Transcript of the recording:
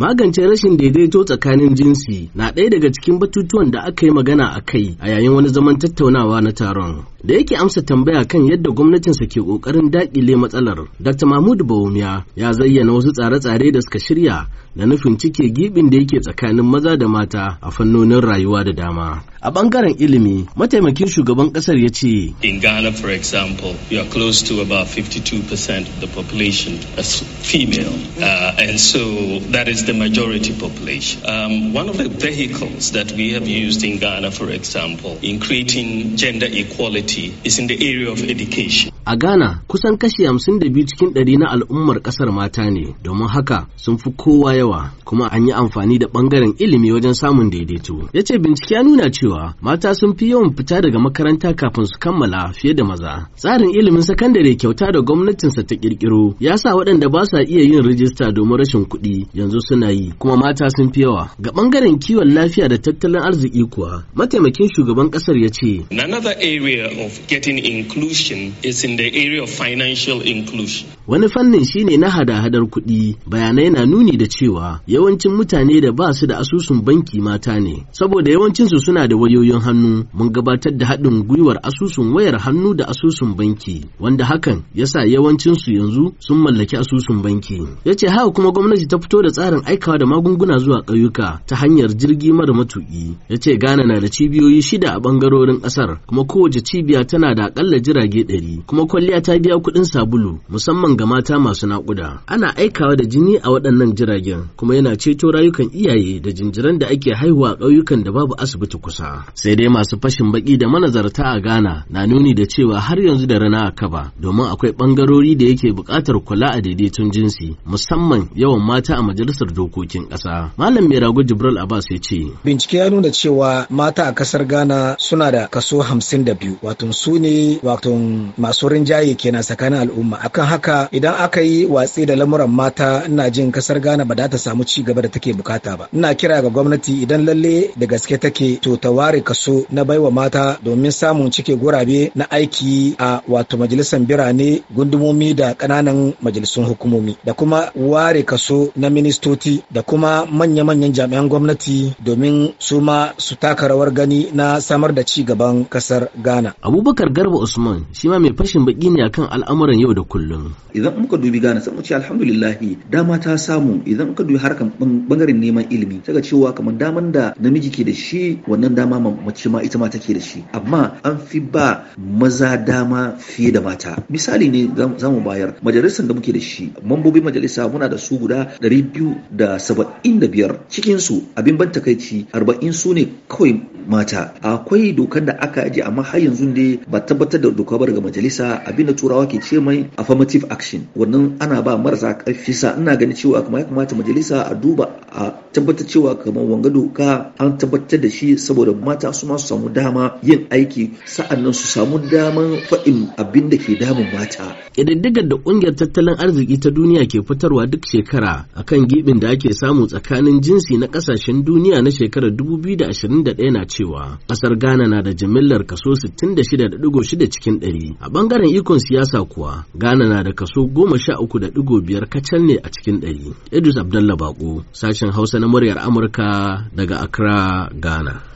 Magance rashin daidaito tsakanin jinsi na ɗaya daga cikin batutuwan da aka yi magana a kai a yayin wani zaman tattaunawa na taron. Da yake amsa tambaya kan yadda gwamnatinsa ke ƙoƙarin daƙile matsalar, Dr. Mahmud Bawumiya ya zayyana wasu tsare-tsare da suka shirya da nufin cike gibin da yake tsakanin maza da mata a fannonin rayuwa da dama. A bangaren ilimi, mataimakin shugaban ƙasar ya ce, In Ghana, for example, you are close to about 52% of the population as female. Uh, And so that is the majority population. Um, one of the vehicles that we have used in Ghana, for example, in creating gender equality is in the area of education. A Ghana, kusan kashi hamsin da biyu cikin ɗari na al'ummar ƙasar mata ne, domin haka sun fi kowa yawa, kuma an yi amfani da ɓangaren ilimi wajen samun daidaito. Ya ce bincike ya nuna cewa mata sun fi yawan fita daga makaranta kafin su kammala fiye da maza. Tsarin ilimin sakandare kyauta da gwamnatinsa ta ƙirƙiro ya sa waɗanda ba sa iya yin rijista domin rashin kuɗi yanzu suna yi kuma mata sun fi yawa ga ɓangaren kiwon lafiya da tattalin arziki kuwa mataimakin shugaban ƙasar ya ce another area of getting inclusion is in the area of financial inclusion Wani fannin shine na hada-hadar kuɗi, bayanai na nuni da cewa yawancin mutane da ba su da asusun banki mata ne, saboda yawancinsu suna da wayoyin hannu mun gabatar da haɗin gwiwar asusun wayar hannu da asusun banki, wanda hakan ya sa yawancinsu yanzu sun mallaki asusun banki. Ya ce haka kuma gwamnati ta fito da tsarin aikawa da magunguna zuwa ƙauyuka ta hanyar jirgi mara matuƙi. Ya ce Ghana na da cibiyoyi shida a ɓangarorin ƙasar, kuma kowace cibiya tana da aƙalla jirage ɗari, kuma kwalliya ta biya kuɗin sabulu, musamman ga mata masu naƙuda. Ana aikawa da jini a waɗannan jiragen kuma yana ceto rayukan iyaye da jinjiran da ake haihuwa a ƙauyukan da babu asibiti kusa. Sai dai masu fashin baki da manazarta a Ghana na nuni da cewa har yanzu da rana a kaba domin akwai ɓangarori da yake buƙatar kula a daidaiton jinsi musamman yawan mata a majalisar dokokin ƙasa. Malam Merago Jibril Abbas ya ce. Bincike ya nuna cewa mata a ƙasar Ghana suna da kaso hamsin da biyu wato su ne wato masu rinjaye kenan tsakanin al'umma akan haka idan aka yi watsi da lamuran mata ina jin kasar Ghana ba za ta samu ci gaba da take bukata ba. Ina kira ga gwamnati idan lalle da gaske take to ta ware kaso na baiwa mata domin samun cike gurabe na aiki a wato majalisar birane gundumomi da ƙananan majalisun hukumomi da kuma ware kaso na ministoci da kuma manya-manyan jami'an gwamnati domin su ma su taka rawar gani na samar da ci gaban kasar Ghana. Abubakar Garba Usman shi ma mai fashin baki ne akan al'amuran yau da kullum. idan muka dubi gane sai mu ce alhamdulillah dama ta samu idan muka dubi harkan bangaren neman ilimi saka cewa kamar daman da namiji ke da shi wannan dama mace ma ita ma take da shi amma an fi ba maza dama fiye da mata misali ne za mu bayar majalisar da muke da shi mambobin majalisa muna da su guda 275 cikin su abin ban takaici 40 su ne kawai mata akwai dokan da aka aje amma har yanzu ne ba tabbatar da doka ba daga majalisa abin da turawa ke ce mai affirmative action wannan ana ba marasa ƙarfi sa ina ganin cewa kamar ya kamata majalisa a duba a tabbatar cewa kamar wanga doka an tabbatar da shi saboda mata su ma su samu dama yin aiki sa'annan su samu daman faɗin abin da ke damun mata. Ƙididdigar da ƙungiyar tattalin arziki ta duniya ke fitarwa duk shekara akan gibin da ake samu tsakanin jinsi na ƙasashen duniya na shekarar 2021 na cewa ƙasar Ghana na da jimillar kaso 66.6 cikin 100 a ɓangaren ikon siyasa kuwa Ghana na da kaso kaso goma sha uku da digo biyar kacal ne a cikin ɗari. Idris Abdallah Bako, sashen Hausa na muryar Amurka daga Accra, Ghana.